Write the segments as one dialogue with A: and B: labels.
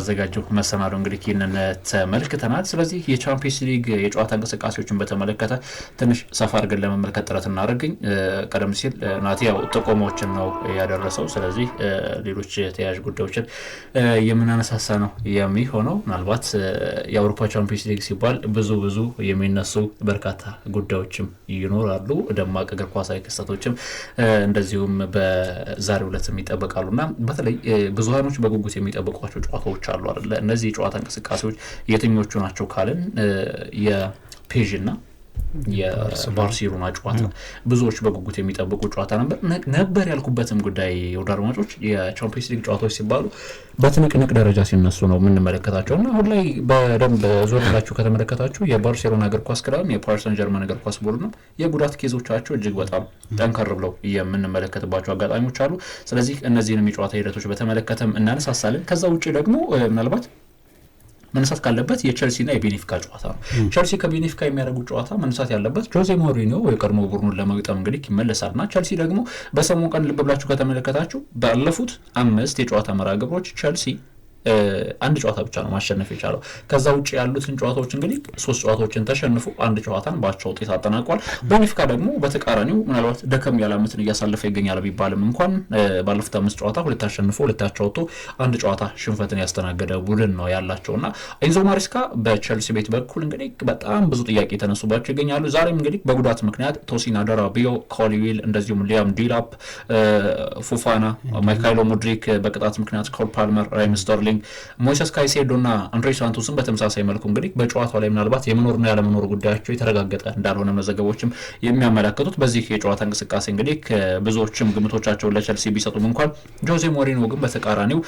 A: አዘጋጀው መሰናዶ እንግዲህ ይህንን ተመልክተናል። ስለዚህ የቻምፒየንስ ሊግ የጨዋታ እንቅስቃሴዎችን በተመለከተ ትንሽ ሰፋ አድርገን ለመመልከት ጥረት እናደርግኝ። ቀደም ሲል ናቲ ያው ጥቆማዎችን ነው ያደረሰው። ስለዚህ ሌሎች ተያያዥ ጉዳዮችን የምናነሳሳ ነው የሚሆነው። ምናልባት የአውሮፓ ቻምፒየንስ ሊግ ሲባል ብዙ ብዙ የሚነሱ በርካታ ጉዳዮችም ይኖራሉ። ደማቅ እግር ኳሳዊ ክስተቶችም እንደዚሁም በዛሬው ዕለትም ይጠበቃሉ እና በተለይ ብዙሃኖች በጉጉት የሚጠብቋቸው ጨዋታዎች ጨዋታዎች አሉ አይደለ? እነዚህ የጨዋታ እንቅስቃሴዎች የትኞቹ ናቸው ካልን የፔዥ እና የባርሴሎና ጨዋታ ብዙዎች በጉጉት የሚጠብቁ ጨዋታ ነበር ነበር ያልኩበትም ጉዳይ ወደ አድማጮች የቻምፒየንስ ሊግ ጨዋታዎች ሲባሉ በትንቅንቅ ደረጃ ሲነሱ ነው የምንመለከታቸው እና አሁን ላይ በደንብ ዞር ብላችሁ ከተመለከታችሁ የባርሴሎና እግር ኳስ ክለብም የፓሪሰን ጀርመን እግር ኳስ ቡድንም የጉዳት ኬዞቻቸው እጅግ በጣም ጠንከር ብለው የምንመለከትባቸው አጋጣሚዎች አሉ። ስለዚህ እነዚህንም የጨዋታ ሂደቶች በተመለከተም እናነሳሳለን። ከዛ ውጭ ደግሞ ምናልባት መነሳት ካለበት የቸልሲና የቤኔፊካ ጨዋታ ነው። ቸልሲ ከቤኔፊካ የሚያደርጉ ጨዋታ መነሳት ያለበት ጆዜ ሞሪኒዮ የቀድሞ ቡድኑን ለመግጠም እንግዲህ ይመለሳል እና ቸልሲ ደግሞ በሰሞኑ ቀን ልብ ብላችሁ ከተመለከታችሁ ባለፉት አምስት የጨዋታ መርሃ ግብሮች ቸልሲ አንድ ጨዋታ ብቻ ነው ማሸነፍ የቻለው። ከዛ ውጭ ያሉትን ጨዋታዎች እንግዲህ ሶስት ጨዋታዎችን ተሸንፎ አንድ ጨዋታን በአቻ ውጤት አጠናቋል። ቦኒፊካ ደግሞ በተቃራኒው ምናልባት ደከም ያለ ዓመትን እያሳለፈ ይገኛል ቢባልም እንኳን ባለፉት አምስት ጨዋታ ሁለት አሸንፎ ሁለት አቻ ወጥቶ አንድ ጨዋታ ሽንፈትን ያስተናገደ ቡድን ነው ያላቸው እና ኢንዞ ማሪስካ በቸልሲ ቤት በኩል እንግዲህ በጣም ብዙ ጥያቄ የተነሱባቸው ይገኛሉ። ዛሬም እንግዲህ በጉዳት ምክንያት ቶሲን አደራቢዮ፣ ኮሊዊል እንደዚሁም ሊያም ዲላፕ፣ ፉፋና፣ ማይካይሎ ሙድሪክ በቅጣት ምክንያት ኮል ፓልመር፣ ራይም ስተርሊንግ ወይም ሞይሰስ ካይሴዶና አንድሬ ሳንቶስን በተመሳሳይ መልኩ እንግዲህ በጨዋታው ላይ ምናልባት የመኖርና ያለመኖር ጉዳያቸው የተረጋገጠ እንዳልሆነ መዘገቦችም የሚያመለክቱት በዚህ የጨዋታ እንቅስቃሴ እንግዲህ ብዙዎችም ግምቶቻቸውን ለቸልሲ ቢሰጡም እንኳን ጆዜ ሞሪኖ ግን በተቃራኒው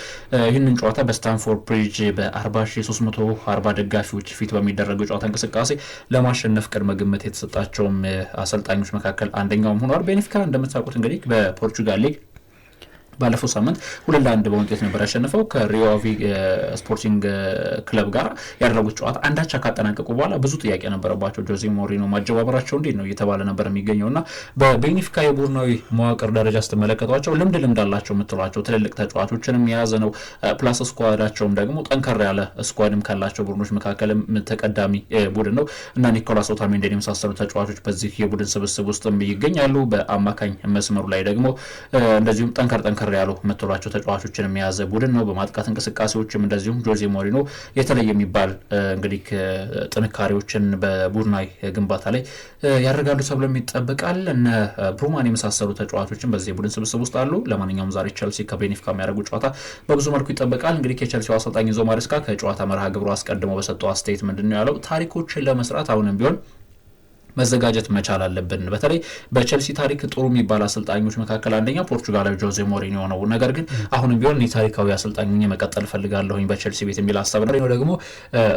A: ይህንን ጨዋታ በስታንፎርድ ብሪጅ በ4340 ደጋፊዎች ፊት በሚደረገው ጨዋታ እንቅስቃሴ ለማሸነፍ ቅድመ ግምት የተሰጣቸውም አሰልጣኞች መካከል አንደኛውም ሆኗል። ቤኔፊካ እንደምታውቁት እንግዲህ በፖርቹጋል ሊግ ባለፈው ሳምንት ሁለት ለአንድ በውጤት ነበር ያሸነፈው ከሪዮቪ ስፖርቲንግ ክለብ ጋር ያደረጉት ጨዋታ አንዳቻ ካጠናቀቁ በኋላ ብዙ ጥያቄ ነበረባቸው። ጆዜ ሞሪኖ ማጀባበራቸው እንዴት ነው እየተባለ ነበር የሚገኘው እና በቤኒፊካ የቡድናዊ መዋቅር ደረጃ ስትመለከቷቸው ልምድ ልምድ አላቸው የምትሏቸው ትልልቅ ተጫዋቾችንም የያዘ ነው። ፕላስ ስኳዳቸውም ደግሞ ጠንከር ያለ ስኳድም ካላቸው ቡድኖች መካከልም ተቀዳሚ ቡድን ነው እና ኒኮላስ ኦታሜንዴን የመሳሰሉ ተጫዋቾች በዚህ የቡድን ስብስብ ውስጥም ይገኛሉ። በአማካኝ መስመሩ ላይ ደግሞ እንደዚሁም ጠንከር ጠንከር ጠንከር ያሉ የምትሏቸው ተጫዋቾችን የያዘ ቡድን ነው። በማጥቃት እንቅስቃሴዎችም እንደዚሁም ጆዜ ሞሪኖ የተለየ የሚባል እንግዲህ ጥንካሬዎችን በቡድናዊ ግንባታ ላይ ያደርጋሉ ተብሎ ይጠበቃል። እነ ብሩማን የመሳሰሉ ተጫዋቾችን በዚህ ቡድን ስብስብ ውስጥ አሉ። ለማንኛውም ዛሬ ቸልሲ ከቤኒፊካ የሚያደርጉ ጨዋታ በብዙ መልኩ ይጠበቃል። እንግዲህ የቸልሲው አሰልጣኝ ዞ ማሬስካ ከጨዋታ መርሃ ግብሩ አስቀድሞ በሰጠው አስተያየት ምንድን ነው ያለው? ታሪኮችን ለመስራት አሁንም ቢሆን መዘጋጀት መቻል አለብን። በተለይ በቸልሲ ታሪክ ጥሩ የሚባል አሰልጣኞች መካከል አንደኛው ፖርቹጋላዊ ጆዜ ሞሪኒዮ ነው። ነገር ግን አሁንም ቢሆን ታሪካዊ አሰልጣኝ መቀጠል ፈልጋለሁኝ በቸልሲ ቤት የሚል ሀሳብ ነው። ደግሞ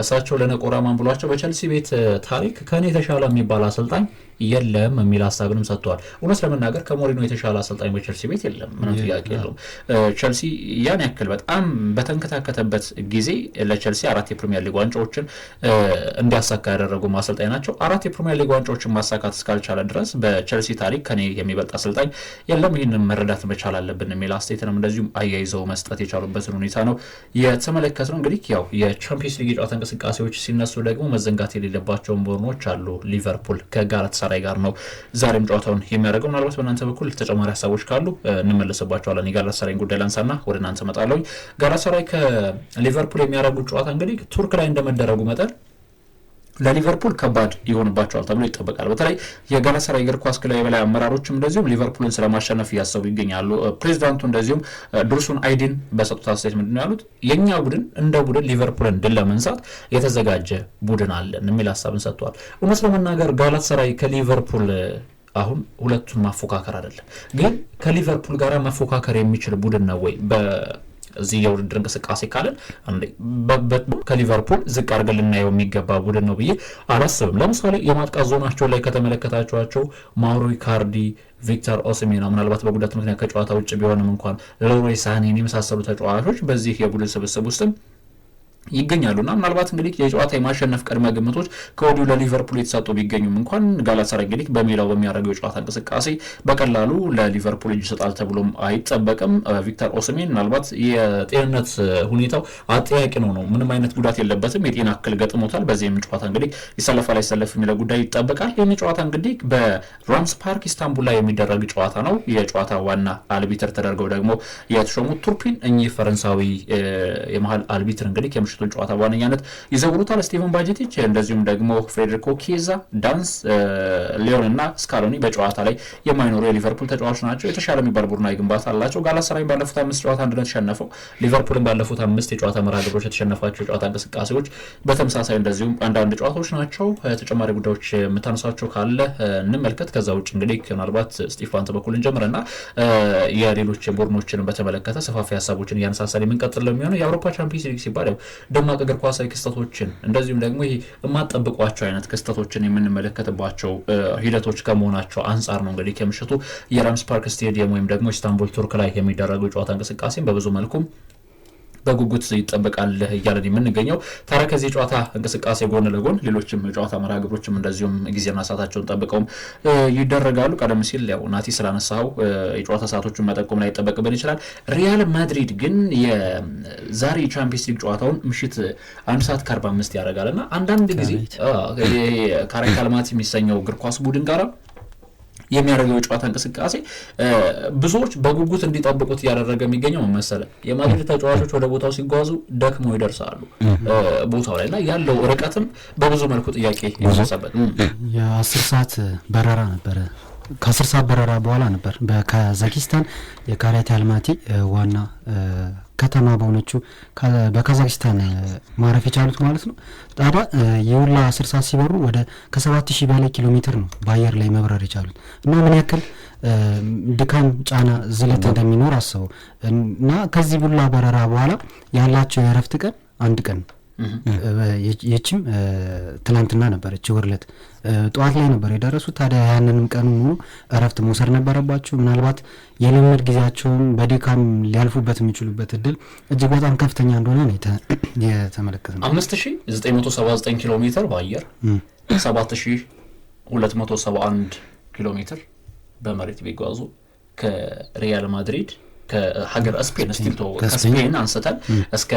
A: እሳቸው ለነቆራማን ብሏቸው በቸልሲ ቤት ታሪክ ከእኔ የተሻለ የሚባል አሰልጣኝ የለም የሚል ሀሳብንም ሰጥተዋል። እውነት ለመናገር ከሞሪኖ የተሻለ አሰልጣኝ በቸልሲ ቤት የለም፣ ምንም ጥያቄ የለውም። ቸልሲ ያን ያክል በጣም በተንከታከተበት ጊዜ ለቸልሲ አራት የፕሪሚየር ሊግ ዋንጫዎችን እንዲያሳካ ያደረጉ አሰልጣኝ ናቸው። አራት የፕሪሚየር ሊግ ዋንጫ ዋንጫዎችን ማሳካት እስካልቻለ ድረስ በቸልሲ ታሪክ ከኔ የሚበልጥ አሰልጣኝ የለም፣ ይህንን መረዳት መቻል አለብን የሚል አስተያየትንም እንደዚሁም አያይዘው መስጠት የቻሉበትን ሁኔታ ነው የተመለከትነው። እንግዲህ ያው የቻምፒዮንስ ሊግ የጨዋታ እንቅስቃሴዎች ሲነሱ ደግሞ መዘንጋት የሌለባቸውን ቡድኖች አሉ። ሊቨርፑል ከጋላታሳራይ ጋር ነው ዛሬም ጨዋታውን የሚያደርገው። ምናልባት በእናንተ በኩል ተጨማሪ ሀሳቦች ካሉ እንመለስባቸዋለን። የጋላታሳራይን ጉዳይ ላንሳና ወደ እናንተ እመጣለሁ። ጋላታሳራይ ከሊቨርፑል የሚያደርጉት ጨዋታ እንግዲህ ቱርክ ላይ እንደመደረጉ መጠን ለሊቨርፑል ከባድ ይሆንባቸዋል ተብሎ ይጠበቃል። በተለይ የጋላታሳራይ እግር ኳስ ክለብ የበላይ አመራሮችም እንደዚሁም ሊቨርፑልን ስለማሸነፍ እያሰቡ ይገኛሉ። ፕሬዚዳንቱ እንደዚሁም ድርሱን አይዲን በሰጡት አስተያየት ምንድን ነው ያሉት? የእኛ ቡድን እንደ ቡድን ሊቨርፑልን ድል ለመንሳት የተዘጋጀ ቡድን አለን የሚል ሀሳብን ሰጥተዋል። እውነት ለመናገር ጋላታሳራይ ከሊቨርፑል አሁን ሁለቱን ማፎካከር አይደለም ግን ከሊቨርፑል ጋር መፎካከር የሚችል ቡድን ነው ወይ እዚህ የውድድር እንቅስቃሴ ካለን ከሊቨርፑል ዝቅ አድርገን ልናየው የሚገባ ቡድን ነው ብዬ አላስብም። ለምሳሌ የማጥቃት ዞናቸው ላይ ከተመለከታችኋቸው ማውሮ ካርዲ፣ ቪክተር ኦስሜና ምናልባት በጉዳት ምክንያት ከጨዋታ ውጭ ቢሆንም እንኳን ለሮይ ሳኔን የመሳሰሉ ተጫዋቾች በዚህ የቡድን ስብስብ ውስጥም ይገኛሉና ምናልባት እንግዲህ የጨዋታ የማሸነፍ ቅድመ ግምቶች ከወዲሁ ለሊቨርፑል የተሰጡ ቢገኙም እንኳን ጋላታሳራይ እንግዲህ በሜዳው በሚያደርገው የጨዋታ እንቅስቃሴ በቀላሉ ለሊቨርፑል እጅ ይሰጣል ተብሎም አይጠበቅም። ቪክተር ኦስሜን ምናልባት የጤንነት ሁኔታው አጠያቂ ነው ነው ምንም አይነት ጉዳት የለበትም፣ የጤና እክል ገጥሞታል። በዚህም ጨዋታ እንግዲህ ይሰለፋል አይሰለፍ የሚለው ጉዳይ ይጠበቃል። ይህን ጨዋታ እንግዲህ በራምስ ፓርክ ኢስታንቡል ላይ የሚደረግ ጨዋታ ነው። የጨዋታ ዋና አልቢትር ተደርገው ደግሞ የተሾሙት ቱርፒን እኚህ ፈረንሳዊ የመሀል አልቢትር እንግዲህ የምሽቱን ጨዋታ በዋነኛነት ይዘውሩታል። ስቲቨን ባጀቲች እንደዚሁም ደግሞ ፍሬድሪኮ ኬዛ፣ ዳንስ፣ ሊዮን እና ስካሎኒ በጨዋታ ላይ የማይኖሩ የሊቨርፑል ተጫዋች ናቸው። የተሻለ የሚባል ቡድናዊ ግንባታ አላቸው። ጋላታሳራይ ባለፉት አምስት ጨዋታ አንድ ነው የተሸነፈው። ሊቨርፑልን ባለፉት አምስት የጨዋታ መርሃ ግብሮች የተሸነፋቸው የጨዋታ እንቅስቃሴዎች በተመሳሳይ እንደዚሁም አንዳንድ ጨዋታዎች ናቸው። ተጨማሪ ጉዳዮች የምታነሳቸው ካለ እንመልከት። ከዛ ውጭ እንግዲህ ምናልባት ስጢፋን በኩል እና የሌሎች ቡድኖችን በተመለከተ ሰፋፊ ሀሳቦችን እያነሳሳል የምንቀጥል ለሚሆነው የአውሮፓ ቻምፒየንስ ሊግ ሲባል ያው ደማቅ እግር ኳሳዊ ክስተቶችን እንደዚሁም ደግሞ ይሄ የማጠብቋቸው አይነት ክስተቶችን የምንመለከትባቸው ሂደቶች ከመሆናቸው አንጻር ነው እንግዲህ ከምሽቱ የራምስ ፓርክ ስቴዲየም ወይም ደግሞ ኢስታንቡል ቱርክ ላይ የሚደረገው ጨዋታ እንቅስቃሴ በብዙ መልኩም በጉጉት ይጠበቃል እያለን የምንገኘው ታዲያ ከዚህ ጨዋታ እንቅስቃሴ ጎን ለጎን ሌሎችም ጨዋታ መርሃ ግብሮችም እንደዚሁም ጊዜና ሰዓታቸውን ጠብቀውም ይደረጋሉ። ቀደም ሲል ያው ናቲ ስላነሳው የጨዋታ ሰዓቶቹን መጠቆም ላይ ይጠበቅብን ይችላል። ሪያል ማድሪድ ግን የዛሬ የቻምፒየንስ ሊግ ጨዋታውን ምሽት አንድ ሰዓት ከአርባ አምስት ያደርጋል እና አንዳንድ ጊዜ ካረካልማት የሚሰኘው እግር ኳስ ቡድን ጋራ የሚያደርገው የጨዋታ እንቅስቃሴ ብዙዎች በጉጉት እንዲጠብቁት እያደረገ የሚገኘው መሰለ የማድሪድ ተጫዋቾች ወደ ቦታው ሲጓዙ ደክሞ ይደርሳሉ ቦታው ላይ እና ያለው ርቀትም በብዙ መልኩ ጥያቄ ይነሳበት።
B: የአስር ሰዓት በረራ ነበረ ከአስር ሰዓት በረራ በኋላ ነበር ከዛኪስታን የካሪያቲ አልማቲ ዋና ከተማ በሆነችው በካዛክስታን ማረፍ የቻሉት ማለት ነው። ታዲያ የውላ አስር ሰዓት ሲበሩ ወደ ከሰባት ሺህ በላይ ኪሎ ሜትር ነው በአየር ላይ መብረር የቻሉት እና ምን ያክል ድካም፣ ጫና፣ ዝለት እንደሚኖር አስበው እና ከዚህ ቡላ በረራ በኋላ ያላቸው የእረፍት ቀን አንድ ቀን ነው። ይችም ትናንትና ነበረች ወርለት ጠዋት ላይ ነበር የደረሱት። ታዲያ ያንንም ቀን ሙሉ እረፍት መውሰድ ነበረባቸው። ምናልባት የልምድ ጊዜያቸውን በድካም ሊያልፉበት የሚችሉበት እድል እጅግ በጣም ከፍተኛ እንደሆነ
A: ነው መቶ ሰባ 5979 ኪሎ ሜትር በአየር 7271 ኪሎ ሜትር በመሬት ቢጓዙ ከሪያል ማድሪድ ከሀገር ስፔን ስቲቶ ከስፔን አንስተን እስከ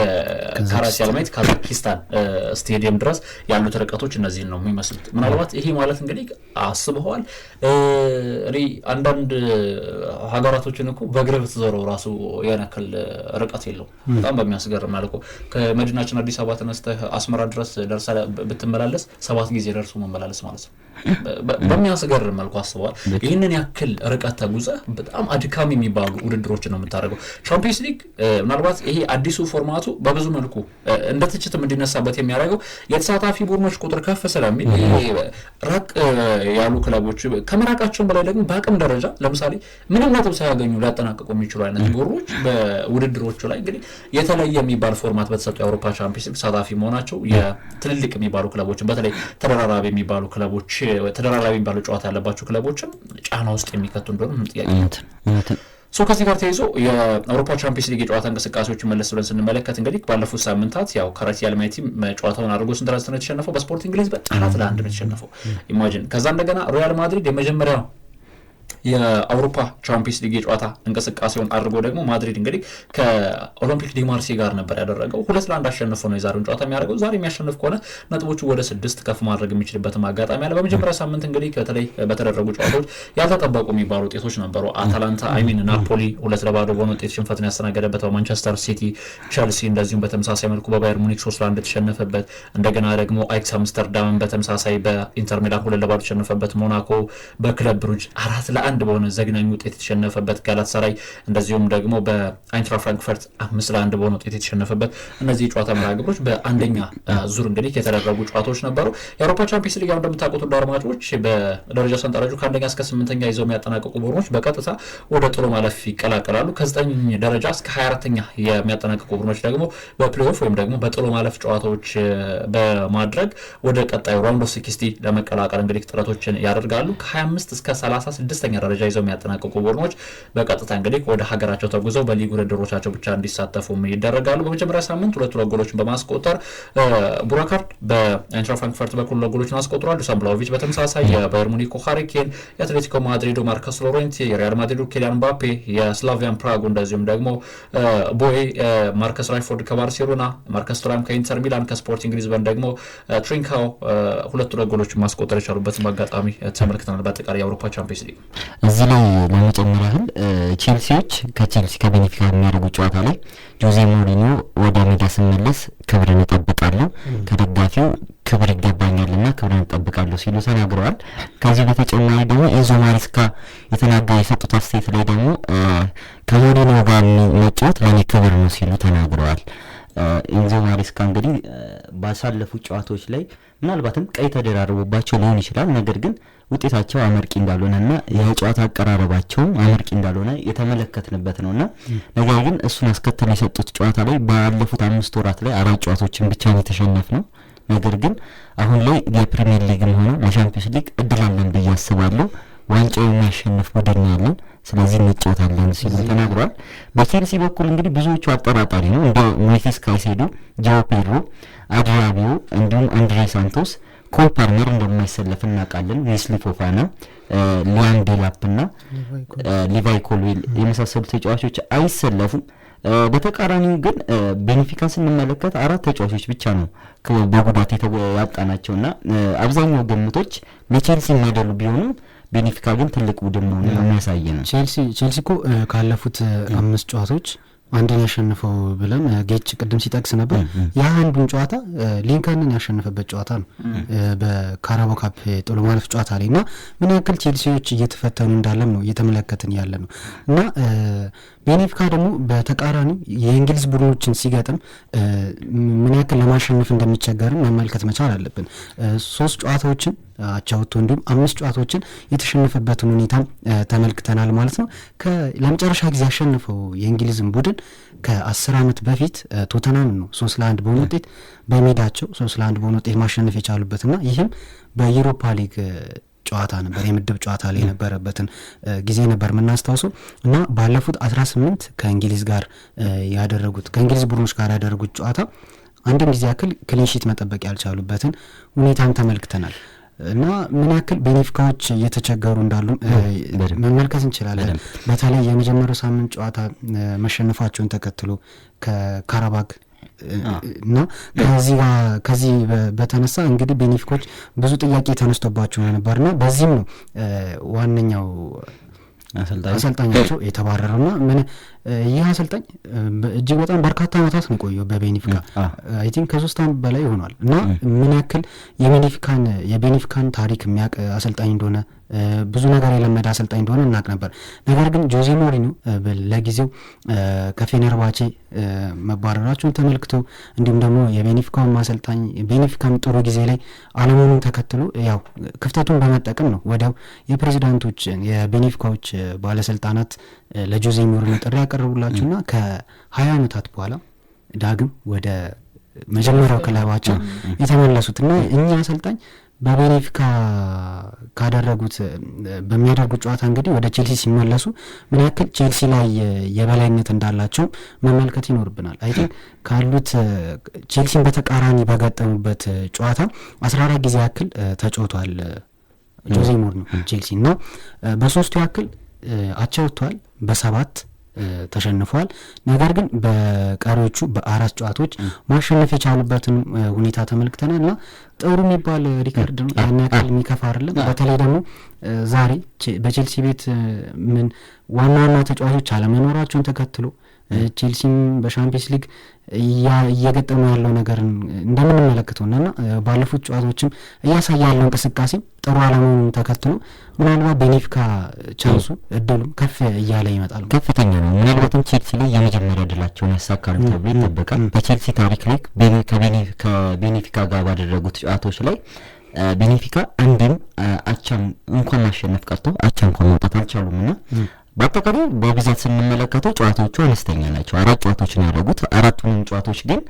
A: ካራሲ አለማየት ካዛኪስታን ስቴዲየም ድረስ ያሉት ርቀቶች እነዚህን ነው የሚመስሉት። ምናልባት ይሄ ማለት እንግዲህ አስበዋል። እኔ አንዳንድ ሀገራቶችን እኮ በእግር ብትዞረው ራሱ የነክል ርቀት የለው። በጣም በሚያስገርም መልኩ ከመዲናችን አዲስ አበባ ተነስተህ አስመራ ድረስ ደርሳ ብትመላለስ ሰባት ጊዜ ደርሶ መመላለስ ማለት ነው። በሚያስገርም መልኩ አስበዋል። ይህንን ያክል ርቀት ተጉዘ በጣም አድካሚ የሚባሉ ውድድሮች ነው የምታደርገው። ቻምፒየንስ ሊግ ምናልባት ይሄ አዲሱ ፎርማቱ በብዙ መልኩ እንደ ትችትም እንዲነሳበት የሚያደርገው የተሳታፊ ቡድኖች ቁጥር ከፍ ስለሚል ራቅ ያሉ ክለቦች ከመራቃቸውን በላይ ደግሞ በአቅም ደረጃ ለምሳሌ ምንም ነጥብ ሳያገኙ ሊያጠናቀቁ የሚችሉ አይነት ጎሮች በውድድሮቹ ላይ እንግዲህ የተለየ የሚባል ፎርማት በተሰጡ የአውሮፓ ቻምፒየንስ ሊግ ተሳታፊ መሆናቸው የትልልቅ የሚባሉ ክለቦችን በተለይ ተደራራቢ የሚባሉ ክለቦች ተደራራቢ የሚባለው ጨዋታ ያለባቸው ክለቦችም ጫና ውስጥ የሚከቱ እንደሆነ ምን ጥያቄ ነው። ከዚህ ጋር ተይዞ የአውሮፓ ቻምፒየንስ ሊግ የጨዋታ እንቅስቃሴዎች መለስ ብለን ስንመለከት እንግዲህ ባለፉት ሳምንታት ያው ከራሲ አልማይቲም ጨዋታውን አድርጎ ስንት ለአንድ ነው የተሸነፈው? በስፖርቲንግ ሊዝበን አራት ለአንድ ነው የተሸነፈው። ኢማጂን ከዛ እንደገና ሮያል ማድሪድ የመጀመሪያ የአውሮፓ ቻምፒየንስ ሊግ የጨዋታ እንቅስቃሴውን አድርጎ ደግሞ ማድሪድ እንግዲህ ከኦሎምፒክ ዲማርሲ ጋር ነበር ያደረገው። ሁለት ለአንድ አሸንፎ ነው የዛሬውን ጨዋታ የሚያደርገው። ዛሬ የሚያሸንፍ ከሆነ ነጥቦቹ ወደ ስድስት ከፍ ማድረግ የሚችልበትም አጋጣሚ አለ። በመጀመሪያ ሳምንት እንግዲህ በተለይ በተደረጉ ጨዋታዎች ያልተጠበቁ የሚባሉ ውጤቶች ነበሩ። አታላንታ አይሚን ናፖሊ ሁለት ለባዶ በሆነ ውጤት ሽንፈትን ያስተናገደበት፣ በማንቸስተር ሲቲ ቸልሲ እንደዚሁም በተመሳሳይ መልኩ በባየር ሙኒክ ሶስት ለአንድ የተሸነፈበት፣ እንደገና ደግሞ አይክስ አምስተርዳምን በተመሳሳይ በኢንተር ሚላን ሁለት ለባዶ የተሸነፈበት፣ ሞናኮ በክለብ ብሩጅ አራት ለአንድ በሆነ ዘግናኝ ውጤት የተሸነፈበት ሰራይ እንደዚሁም ደግሞ በአይንትራ ፍራንክፈርት አምስት ለአንድ በሆነ ውጤት የተሸነፈበት እነዚህ ጨዋታ መርሃ ግብሮች በአንደኛ ዙር እንግዲህ የተደረጉ ጨዋታዎች ነበሩ። የአውሮፓ ቻምፒየንስ ሊግ እንደምታውቁት እንደ አድማጮች በደረጃ ሰንጠረጁ ከአንደኛ እስከ ስምንተኛ ይዘው የሚያጠናቀቁ ቡድኖች በቀጥታ ወደ ጥሎ ማለፍ ይቀላቀላሉ። ከዘጠኝ ደረጃ እስከ ሀያ አራተኛ የሚያጠናቀቁ ቡድኖች ደግሞ በፕሌኦፍ ወይም ደግሞ በጥሎ ማለፍ ጨዋታዎች በማድረግ ወደ ቀጣዩ ራውንድ ኦፍ ሲክስቲ ለመቀላቀል እንግዲህ ጥረቶችን ያደርጋሉ። አምስት እስከ ስድስት በአምስተኛ ደረጃ ይዘው የሚያጠናቀቁ ቡድኖች በቀጥታ እንግዲህ ወደ ሀገራቸው ተጉዘው በሊግ ውድድሮቻቸው ብቻ እንዲሳተፉ ይደረጋሉ። በመጀመሪያ ሳምንት ሁለት ሁለት ጎሎችን በማስቆጠር ቡራካርድ በአይንትራ ፍራንክፈርት በኩል ሁለት ጎሎችን አስቆጥሯል። ዱሳን ብላሆቪች በተመሳሳይ የባየር ሙኒኮ ሀሪኬን፣ የአትሌቲኮ ማድሪዶ ማርከስ ሎሬንቲ፣ የሪያል ማድሪዱ ኬሊያን ባፔ፣ የስላቪያን ፕራጉ እንደዚሁም ደግሞ ቦይ ማርከስ ራሽፎርድ ከባርሴሎና፣ ማርከስ ቱራም ከኢንተር ሚላን፣ ከስፖርቲንግ ሊዝበን ደግሞ ትሪንካው ሁለት ሁለት ጎሎችን ማስቆጠር የቻሉበትም አጋጣሚ ተመልክተናል። በአጠቃላይ የአውሮፓ ቻምፒየንስ ሊግ
B: እዚህ ላይ ለመጨመር ያህል ቼልሲዎች ከቼልሲ ከቤኔፊካ የሚያደርጉ ጨዋታ ላይ ጆዜ ሞሪኒዮ ወደ ሜዳ ስመለስ ክብርን እጠብቃለሁ፣ ከደጋፊው ክብር ይገባኛልና ክብርን እጠብቃለሁ ሲሉ ተናግረዋል። ከዚህ በተጨማሪ ደግሞ ኤንዞ ማሪስካ የተናጋ የሰጡት አስተያየት ላይ ደግሞ ከሞሪኒዮ ጋር መጫወት ለእኔ ክብር ነው ሲሉ ተናግረዋል። ኢንዞ ማሬስካ እንግዲህ ባሳለፉት ጨዋታዎች ላይ ምናልባትም ቀይ ተደራርቦባቸው ሊሆን ይችላል። ነገር ግን ውጤታቸው አመርቂ እንዳልሆነ እንዳልሆነና የጨዋታ አቀራረባቸውም አመርቂ እንዳልሆነ የተመለከትንበት ነው እና ነገር ግን እሱን አስከተል የሰጡት ጨዋታ ላይ ባለፉት አምስት ወራት ላይ አራት ጨዋታዎችን ብቻ የተሸነፍ ነው። ነገር ግን አሁን ላይ የፕሪሚየር ሊግም ሆነ የሻምፒዮንስ ሊግ እድል አለን ብዬ አስባለሁ። ዋንጫው የሚያሸንፍ ቡድን ያለን ስለዚህ እንጫወታለን ሲሉ ተናግሯል። በቼልሲ በኩል እንግዲህ ብዙዎቹ አጠራጣሪ ነው እንደ ሜፊስ ካይሴዶ፣ ጃው ፔድሮ፣ አድራቢዮ እንዲሁም አንድሬ ሳንቶስ ኮል ፓልመር እንደማይሰለፍ እናውቃለን። ዌስሊ ፎፋና፣ ሊያን ዴላፕ እና ሊቫይ ኮልዌል የመሳሰሉ ተጫዋቾች አይሰለፉም። በተቃራኒው ግን ቤኔፊካ ስንመለከት አራት ተጫዋቾች ብቻ ነው በጉዳት ያጣናቸውና አብዛኛው ግምቶች ለቼልሲ የሚያደሉ ቢሆኑም ቤኔፊካ ግን ትልቅ ቡድን መሆኑ የሚያሳይ ነው።
A: ቼልሲ እኮ ካለፉት አምስት ጨዋታዎች አንድን ያሸንፈው ብለን ጌች ቅድም ሲጠቅስ ነበር። ያ አንዱን ጨዋታ ሊንከንን ያሸነፈበት ጨዋታ ነው በካራቦ ካፕ ጥሎ ማለፍ ጨዋታ ላይ እና ምን ያክል ቼልሲዎች እየተፈተኑ እንዳለም ነው እየተመለከትን ያለ ነው እና ቤኔፊካ ደግሞ በተቃራኒ የእንግሊዝ ቡድኖችን ሲገጥም ምን ያክል ለማሸነፍ እንደሚቸገርን መመልከት መቻል አለብን። ሶስት ጨዋታዎችን አቻወቶ እንዲሁም አምስት ጨዋታዎችን የተሸነፈበትን ሁኔታ ተመልክተናል ማለት ነው። ለመጨረሻ ጊዜ ያሸነፈው የእንግሊዝን ቡድን ከአስር ዓመት በፊት ቶተናም ነው ሶስት ለአንድ በሆነ ውጤት በሜዳቸው ሶስት ለአንድ በሆነ ውጤት ማሸነፍ የቻሉበትና ይህም በዩሮፓ ሊግ ጨዋታ ነበር። የምድብ ጨዋታ ላይ የነበረበትን ጊዜ ነበር የምናስታውሰው እና ባለፉት 18 ከእንግሊዝ ጋር ያደረጉት ከእንግሊዝ ቡድኖች ጋር ያደረጉት ጨዋታ አንድም ጊዜ ያክል ክሊንሺት መጠበቅ ያልቻሉበትን ሁኔታም ተመልክተናል። እና ምን ያክል ቤኔፊካዎች እየተቸገሩ እንዳሉ መመልከት እንችላለን። በተለይ የመጀመሪያው ሳምንት ጨዋታ መሸነፋቸውን ተከትሎ ከካራባግ እና ከዚህ በተነሳ እንግዲህ ቤኔፊኮች ብዙ ጥያቄ ተነስቶባቸው እና በዚህም ነው ዋነኛው አሰልጣኛቸው ና ምን ይህ አሰልጣኝ እጅግ በጣም በርካታ አመታት ነው ቆየው በቤኒፊካ አይ ከሶስት አመት በላይ ሆኗል እና ምን ያክል የቤኒፊካን የቤኒፊካን ታሪክ የሚያውቅ አሰልጣኝ እንደሆነ ብዙ ነገር የለመደ አሰልጣኝ እንደሆነ እናቅ ነበር። ነገር ግን ጆዜ ሞሪኒዮ ለጊዜው ከፌነርባቼ መባረራቸውን ተመልክቶ እንዲሁም ደግሞ የቤኒፊካውን አሰልጣኝ ቤኒፊካም ጥሩ ጊዜ ላይ አለመሆኑን ተከትሎ ያው ክፍተቱን በመጠቀም ነው ወዲያው የፕሬዚዳንቶች የቤኒፊካዎች ባለስልጣናት ለጆዜ ሞሪኒዮ ጥሪ ያቀረቡላቸውና ከሀያ ዓመታት በኋላ ዳግም ወደ መጀመሪያው ክለባቸው የተመለሱት እና እኛ አሰልጣኝ በቤኔፊካ ካደረጉት በሚያደርጉት ጨዋታ እንግዲህ ወደ ቼልሲ ሲመለሱ ምን ያክል ቼልሲ ላይ የበላይነት እንዳላቸው መመልከት ይኖርብናል። አይ ቲንክ ካሉት ቼልሲን በተቃራኒ በገጠሙበት ጨዋታ አስራ አራት ጊዜ ያክል ተጫውቷል ጆዜ ነው ቼልሲ እና በሶስቱ ያክል አቻ ወጥቷል በሰባት ተሸንፏል። ነገር ግን በቀሪዎቹ በአራት ጨዋታዎች ማሸነፍ የቻሉበትን ሁኔታ ተመልክተናል እና ጥሩ የሚባል ሪከርድ ነው። ያን ያክል የሚከፋ አይደለም። በተለይ ደግሞ ዛሬ በቼልሲ ቤት ምን ዋና ዋና ተጫዋቾች አለመኖራቸውን ተከትሎ ቼልሲም በሻምፒየንስ ሊግ እየገጠመ ያለው ነገርን እንደምንመለከተውና ና ባለፉት ጨዋታዎችም እያሳየ ያለው እንቅስቃሴ ጥሩ አለመሆኑን ተከትሎ ምናልባት ቤኔፊካ ቻንሱ እድሉም ከፍ እያለ ይመጣል።
B: ከፍተኛ ነው። ምናልባትም ቼልሲ ላይ የመጀመሪያ ድላቸውን ያሳካሉ ተብሎ ይጠበቃል። በቼልሲ ታሪክ ላይ ከቤኔፊካ ጋር ባደረጉት ጨዋታዎች ላይ ቤኔፊካ አንድም አቻም እንኳን ማሸነፍ ቀርቶ አቻ እንኳን ማውጣት አልቻሉም እና በአጠቃላይ በብዛት ስንመለከተው ጨዋታዎቹ አነስተኛ ናቸው። አራት ጨዋታዎች ነው ያደረጉት አራቱንም ጨዋታዎች ግን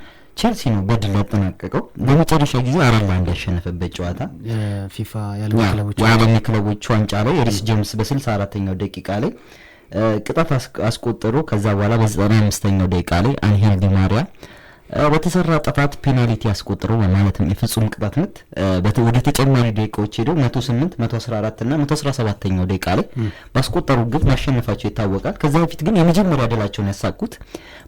B: ቼልሲ ነው በድል ያጠናቀቀው። በመጨረሻ ጊዜ አራት ለአንድ ያሸነፈበት ጨዋታ
A: ፊፋ የዓለም
B: ክለቦች ዋንጫ ላይ ሪስ ጀምስ በስልሳ አራተኛው ደቂቃ ላይ ቅጣት አስቆጠሩ። ከዛ በኋላ በዘጠና አምስተኛው ደቂቃ ላይ አንሄል ዲማሪያ በተሰራ ጥፋት ፔናልቲ ያስቆጥሩ ማለትም የፍጹም ቅጣት ምት ወደ ተጨማሪ ደቂቃዎች ሄደው 108፣ ና እና 117ኛው ደቂቃ ላይ ባስቆጠሩ ግብ ማሸነፋቸው ይታወቃል። ከዚ በፊት ግን የመጀመሪያ ድላቸውን ያሳኩት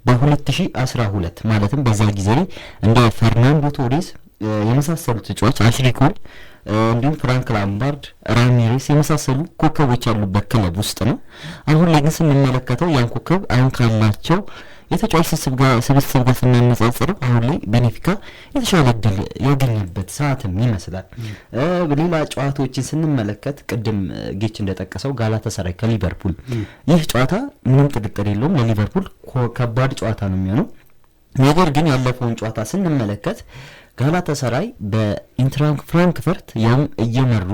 B: በ2012 ማለትም በዛ ጊዜ ላይ እንደ ፈርናንዶ ቶሬስ የመሳሰሉ ተጫዋች አሽሊ ኮል እንዲሁም ፍራንክ ላምባርድ፣ ራሚሬስ የመሳሰሉ ኮከቦች ያሉበት ክለብ ውስጥ ነው። አሁን ላይ ግን ስንመለከተው ያን ኮከብ አሁን ካላቸው የተጫዋች ስብስብ ጋር ስብስብ ጋር ስናነጻጽረው አሁን ላይ ቤኔፊካ የተሻለ እድል ያገኘበት ሰዓትም ይመስላል። ሌላ ጨዋታዎችን ስንመለከት ቅድም ጌች እንደጠቀሰው ሰራይ ከሊቨርፑል ይህ ጨዋታ ምንም ጥርጥር የለውም ለሊቨርፑል ከባድ ጨዋታ ነው የሚሆነው። ነገር ግን ያለፈውን ጨዋታ ስንመለከት ጋላታሳራይ በኢንትራንክ ፍራንክፈርት ያም እየመሩ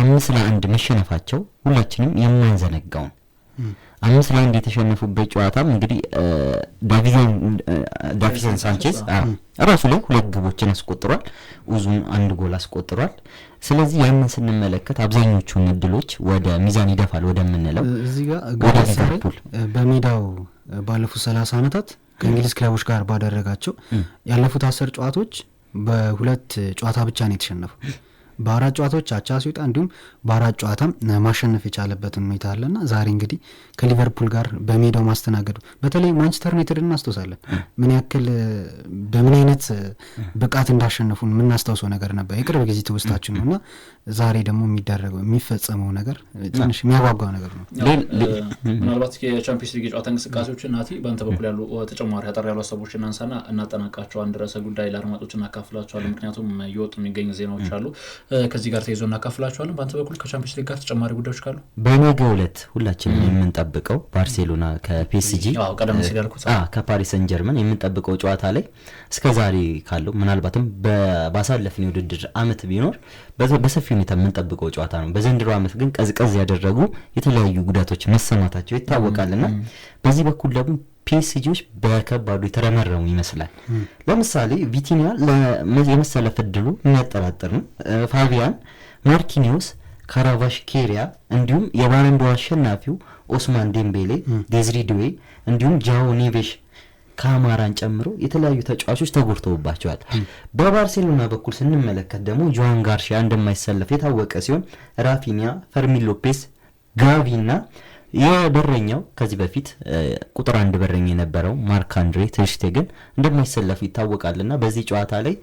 B: አምስት ለአንድ መሸነፋቸው ሁላችንም የማንዘነጋውን አምስት ለአንድ የተሸነፉበት ጨዋታም እንግዲህ ዳቪሰን ሳንቼዝ ራሱ ላይ ሁለት ግቦችን አስቆጥሯል። ኡዙም አንድ ጎል አስቆጥሯል። ስለዚህ ያንን ስንመለከት አብዛኞቹን እድሎች ወደ ሚዛን ይደፋል ወደምንለው
A: እዚህ ወደ ሊቨርፑል በሜዳው ባለፉት ሰላሳ ዓመታት ከእንግሊዝ ክለቦች ጋር ባደረጋቸው ያለፉት አስር ጨዋታዎች በሁለት ጨዋታ ብቻ ነው የተሸነፈው። በአራት ጨዋታዎች አቻ ሲወጣ እንዲሁም በአራት ጨዋታም ማሸነፍ የቻለበትን ሁኔታ አለና ዛሬ እንግዲህ ከሊቨርፑል ጋር በሜዳው ማስተናገዱ በተለይ ማንቸስተር ዩናይትድ እናስታውሳለን ምን ያክል በምን አይነት ብቃት እንዳሸነፉን የምናስታውሰው ነገር ነበር። የቅርብ ጊዜ ትውስታችን ነው እና ዛሬ ደግሞ የሚደረገው የሚፈጸመው ነገር ትንሽ የሚያጓጓ ነገር ነው። ምናልባት የቻምፒዮንስ ሊግ የጨዋታ እንቅስቃሴዎች ናቲ በአንተ በኩል ያሉ ተጨማሪ አጠር ያሉ ሀሳቦች እናንሳና እናጠናቃቸው። አንድ ረሰ ጉዳይ ለአድማጮች እናካፍላቸዋለን። ምክንያቱም እየወጡ የሚገኙ ዜናዎች አሉ። ከዚህ ጋር ተይዞ እናካፍላችኋለን። በአንተ በኩል ከቻምፒዮንስ ሊግ ጋር ተጨማሪ ጉዳዮች ካሉ
B: በነገ ዕለት ሁላችንም የምንጠብቀው ባርሴሎና ከፒኤስጂ ቀደም ሲል ያልኩት ከፓሪስ ሰን ጀርመን የምንጠብቀው ጨዋታ ላይ እስከ ዛሬ ካለው ምናልባትም ባሳለፍን የውድድር አመት ቢኖር በሰፊ ሁኔታ የምንጠብቀው ጨዋታ ነው። በዘንድሮ አመት ግን ቀዝቀዝ ያደረጉ የተለያዩ ጉዳቶች መሰማታቸው ይታወቃልና በዚህ በኩል ደግሞ ፒኤስጂዎች በከባዱ የተረመረሙ ይመስላል። ለምሳሌ ቪቲኒያ የመሰለፍ እድሉ የሚያጠራጥር ነው። ፋቢያን ማርኪኒዮስ፣ ካራቫሽ ኬሪያ እንዲሁም የባለንዶ አሸናፊው ኦስማን ዴምቤሌ፣ ዴዝሪ እንዲሁም ጃኦ ኔቬሽ ከአማራን ጨምሮ የተለያዩ ተጫዋቾች ተጎድተውባቸዋል። በባርሴሎና በኩል ስንመለከት ደግሞ ጆዋን ጋርሺያ እንደማይሰለፍ የታወቀ ሲሆን ራፊኒያ፣ ፈርሚን ሎፔስ፣ ጋቪ እና የበረኛው በረኛው ከዚህ በፊት ቁጥር አንድ በረኛ የነበረው ማርክ አንድሬ ተሽቴገን እንደማይሰለፍ ይታወቃልና በዚህ ጨዋታ ላይ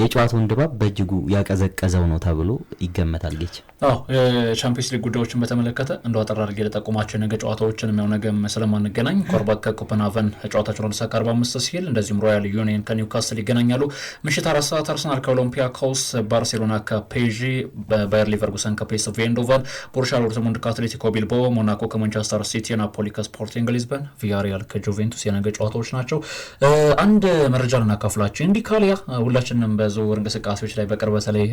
B: የጨዋታውን ድባብ በእጅጉ ያቀዘቀዘው ነው ተብሎ ይገመታል። ጌች
A: አዎ የቻምፒየንስ ሊግ ጉዳዮችን በተመለከተ እንደ አጠራ አድርጌ ለጠቁማቸው የነገ ጨዋታዎችን የሚያው ነገ ስለማንገናኝ ኮርባ ከኮፐንሃቨን ጨዋታቸውን አንድ ሰዓት ከአርባ አምስት ሲል እንደዚሁም ሮያል ዩኒየን ከኒውካስል ይገናኛሉ። ምሽት አራት ሰዓት አርሰናል ከኦሎምፒያ ከኦሎምፒያኮስ፣ ባርሴሎና ከፔዥ፣ ባየር ሊቨርጉሰን ከፔስ ኤንዶቨን፣ ቦርሻ ዶርትሙንድ ከአትሌቲኮ ቢልቦ፣ ሞናኮ ከማንቸስተር ሲቲ፣ ናፖሊ ከስፖርቲንግ ሊዝበን፣ ቪያሪያል ከጁቬንቱስ የነገ ጨዋታዎች ናቸው። አንድ መረጃ ልናካፍላቸው ሁላ ሁላችንም በዝውውር እንቅስቃሴዎች ላይ በቅርብ በተለይ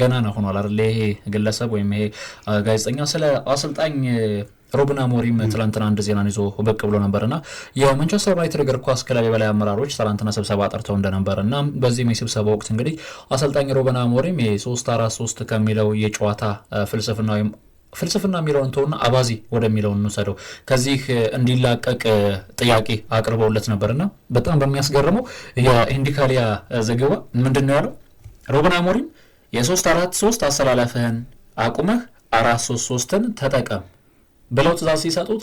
A: ገና ነው ሆኗል አይደል? ይሄ ግለሰብ ወይም ይሄ ጋዜጠኛ ስለ አሰልጣኝ ሩበን አሞሪም ትላንትና አንድ ዜናን ይዞ ብቅ ብሎ ነበርና የማንቸስተር ዩናይትድ እግር ኳስ ክለብ የበላይ አመራሮች ትላንትና ስብሰባ ጠርተው እንደነበር እና በዚህም የስብሰባ ወቅት እንግዲህ አሰልጣኝ ሩበን አሞሪም የ ሶስት ከሚለው የጨዋታ ፍልስፍና ወይም ፍልስፍና የሚለውን ተውና አባዜ ወደሚለው እንውሰደው። ከዚህ እንዲላቀቅ ጥያቄ አቅርበውለት ነበርና በጣም በሚያስገርመው የኢንዲካሊያ ዘገባ ምንድን ነው ያለው? ሮብን አሞሪም የሶስት አራት ሶስት አሰላለፍህን አቁመህ አራት ሶስት ሶስትን ተጠቀም ብለው ትእዛዝ ሲሰጡት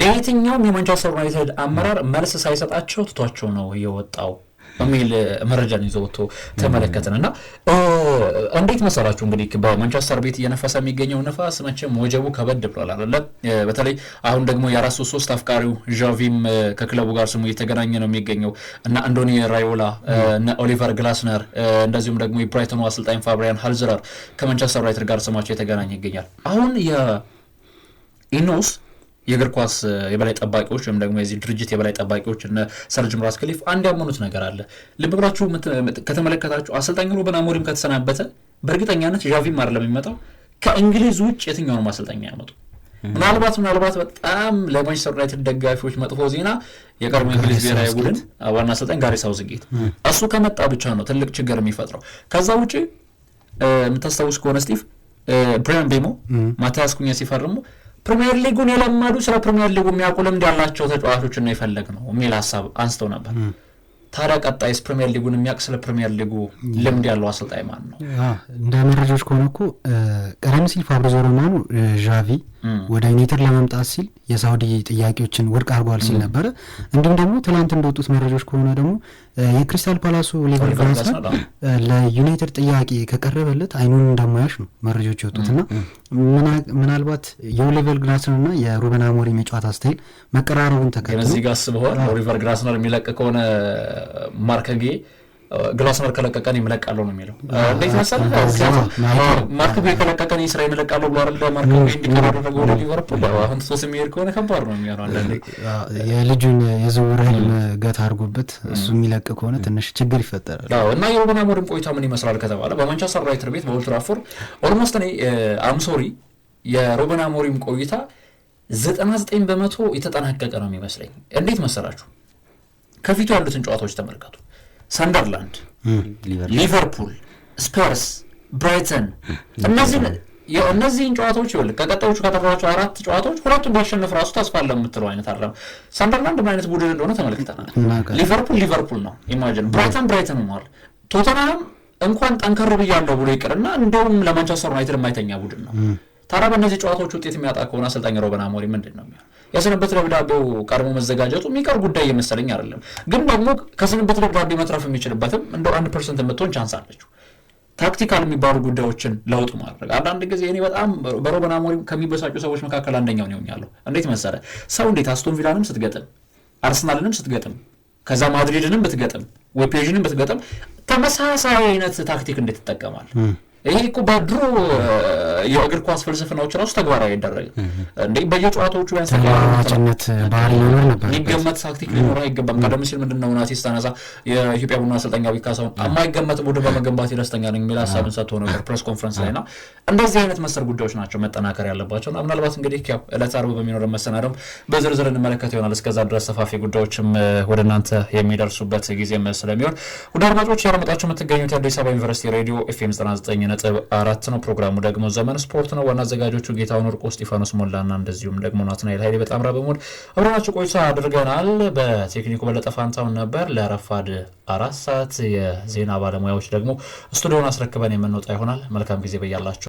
A: ለየትኛውም የማንቸስተር ዩናይትድ አመራር መልስ ሳይሰጣቸው ትቷቸው ነው የወጣው። በሚል መረጃን ይዞ ወጥቶ ተመለከትን እና እንዴት መሰላችሁ እንግዲህ በማንቸስተር ቤት እየነፈሰ የሚገኘው ነፋስ መቼም ወጀቡ ከበድ ብሏል አለ። በተለይ አሁን ደግሞ የአራት ሶስት ሶስት አፍቃሪው ዣቪም ከክለቡ ጋር ስሙ እየተገናኘ ነው የሚገኘው እና አንዶኒ ራዮላ ኦሊቨር ግላስነር እንደዚሁም ደግሞ የብራይተኑ አሰልጣኝ ፋብሪያን ሃልዝረር ከማንቸስተር ዩናይትድ ጋር ስማቸው የተገናኘ ይገኛል። አሁን የኢኖስ የእግር ኳስ የበላይ ጠባቂዎች ወይም ደግሞ የዚህ ድርጅት የበላይ ጠባቂዎች እነ ሰርጅ ምራትክሊፍ አንድ ያመኑት ነገር አለ። ልብ ብላችሁ ከተመለከታችሁ አሰልጣኝ ሩበን አሞሪም ከተሰናበተ በእርግጠኛነት ዣቪም አይደለም የሚመጣው። ከእንግሊዝ ውጭ የትኛውንም ማሰልጠኛ ያመጡ። ምናልባት ምናልባት በጣም ለማንቸስተር ዩናይትድ ደጋፊዎች መጥፎ ዜና የቀድሞ እንግሊዝ ብሔራዊ ቡድን ዋና አሰልጣኝ ጋሪ ሳውዝጌት እሱ ከመጣ ብቻ ነው ትልቅ ችግር የሚፈጥረው። ከዛ ውጭ የምታስታውስ ከሆነ ስቲቭ ብሪያን ቤሞ ማታያስ ኩኛ ሲፈርሙ ፕሪሚየር ሊጉን የለመዱ ስለ ፕሪሚየር ሊጉ የሚያውቁ ልምድ ያላቸው ተጫዋቾችን ነው የፈለግ ነው የሚል ሀሳብ አንስተው ነበር። ታዲያ ቀጣይስ ፕሪሚየር ሊጉን የሚያውቅ ስለ ፕሪሚየር ሊጉ ልምድ ያለው አሰልጣኝ ማን ነው?
B: እንደ መረጃዎች ከሆነ እኮ ቀደም ሲል ፋብሪዞ ሮማኖ ዣቪ ወደ ዩናይትድ ለመምጣት ሲል የሳውዲ ጥያቄዎችን ውድቅ አርጓል ሲል ነበረ። እንዲሁም ደግሞ ትናንት እንደወጡት መረጃዎች ከሆነ ደግሞ የክሪስታል ፓላሱ ኦሊቨር ግላስነር ለዩናይትድ ጥያቄ ከቀረበለት አይኑን እንደማያሽ ነው መረጃዎች የወጡት እና ምናልባት የኦሊቨር ግላስነር እና የሩበን አሞሪም የጨዋታ ስታይል መቀራረቡን ተከትሎ
A: እዚህ ጋር አስበዋል። ኦሊቨር ግላስነር የሚለቅ ከሆነ ማርከጌ ግላስነር ከለቀቀን የምለቃለሁ ነው የሚለው። እንዴት መሰለህ ማርክ ቤ ከለቀቀን የእስራኤል ይመለቃሉ ብሎ አለ። ማርክ ቤ እንዲቀር አደረገ ወደ ሊቨርፑል። አሁን ሶስ የሚሄድ ከሆነ ከባድ ነው የሚሆነው።
B: አንዳንዴ የልጁን የዝውውር ህልም ገታ አድርጎበት እሱ የሚለቅ ከሆነ ትንሽ ችግር ይፈጠራል
A: እና የሩበን አሞሪም ቆይታ ምን ይመስላል ከተባለ በማንቸስተር ዩናይትድ ቤት በኦልድ ትራፎርድ ኦልሞስት እኔ አምሶሪ የሩበን አሞሪም ቆይታ ዘጠና ዘጠኝ በመቶ የተጠናቀቀ ነው የሚመስለኝ። እንዴት መሰላችሁ? ከፊቱ ያሉትን ጨዋታዎች ተመልከቱ። ሰንደርላንድ፣ ሊቨርፑል፣ ስፐርስ፣ ብራይተን እነዚህ እነዚህን ጨዋታዎች ይኸውልህ ከቀጣዮቹ ከተፈራቸው አራት ጨዋታዎች ሁለቱን ቢያሸንፍ ራሱ ተስፋ አለ የምትለው አይነት አለ። ሰንደርላንድ ምን አይነት ቡድን እንደሆነ ተመልክተናል። ሊቨርፑል ሊቨርፑል ነው ኢማጂን፣ ብራይተን ብራይተን ሆኗል። ቶተናም እንኳን ጠንከር ብያለሁ ብሎ ይቅርና እንደውም ለማንቸስተር ዩናይትድ የማይተኛ ቡድን ነው። ታዲያ በእነዚህ ጨዋታዎች ውጤት የሚያጣ ከሆነ አሰልጣኝ ሮበን አሞሪ ምንድን ነው የሚሆነው? የስንበት ደብዳቤው ቀድሞ መዘጋጀቱ የሚቀር ጉዳይ የመሰለኝ አይደለም። ግን ደግሞ ከስንበት ደብዳቤ መትረፍ የሚችልበትም እንደ አንድ ፐርሰንት የምትሆን ቻንስ አለችው። ታክቲካል የሚባሉ ጉዳዮችን ለውጥ ማድረግ አንዳንድ ጊዜ እኔ በጣም በሮበን አሞሪ ከሚበሳጩ ሰዎች መካከል አንደኛው ነው ያለው። እንዴት መሰለ ሰው እንዴት አስቶን ቪላንም ስትገጥም፣ አርሰናልንም ስትገጥም፣ ከዛ ማድሪድንም ብትገጥም፣ ወይ ፔዥንም ብትገጥም ተመሳሳይ አይነት ታክቲክ እንዴት ትጠቀማል? ይሄ እኮ በድሮ የእግር ኳስ ፍልስፍናዎች ራሱ ተግባራዊ ይደረግ እንዴ? በየጨዋታዎቹ
B: ያንሰራጭነት ባህሪ ሊኖር ነበር።
A: የሚገመት ታክቲክ ሊኖር አይገባም። ቀደም ሲል ምንድነው ናሲ ስታነሳ የኢትዮጵያ ቡና አሰልጣኝ አብይ ካሳሁን የማይገመት ቡድን በመገንባት ደስተኛ ነኝ የሚል ሀሳብን ሰጥቶ ነበር ፕሬስ ኮንፈረንስ ላይ ና እንደዚህ አይነት መሰል ጉዳዮች ናቸው መጠናከር ያለባቸው ና ምናልባት እንግዲህ ያው ዕለት አርብ በሚኖረ መሰናደም በዝርዝር እንመለከት ይሆናል። እስከዛ ድረስ ሰፋፊ ጉዳዮችም ወደ እናንተ የሚደርሱበት ጊዜ ስለሚሆን ውድ አድማጮች ያረመጣቸው የምትገኙት የአዲስ አበባ ዩኒቨርሲቲ ሬዲዮ ኤፍኤም 99 ነጥብ አራት ነው። ፕሮግራሙ ደግሞ ዘመን ስፖርት ነው። ዋና አዘጋጆቹ ጌታሁን ወርቁ፣ እስጢፋኖስ ሞላና እንደዚሁም ደግሞ ናትናኤል ኃይሌ ራ በመሆን አብረናችሁ ቆይታ አድርገናል። በቴክኒኩ በለጠ ፋንታውን ነበር። ለረፋድ አራት ሰዓት የዜና ባለሙያዎች ደግሞ ስቱዲዮን አስረክበን የምንወጣ ይሆናል። መልካም ጊዜ በያላቸው